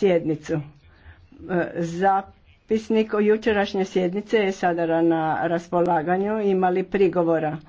sjednicu. E, zapisnik o jučerašnje sjednice je sada na raspolaganju. Imali prigovora?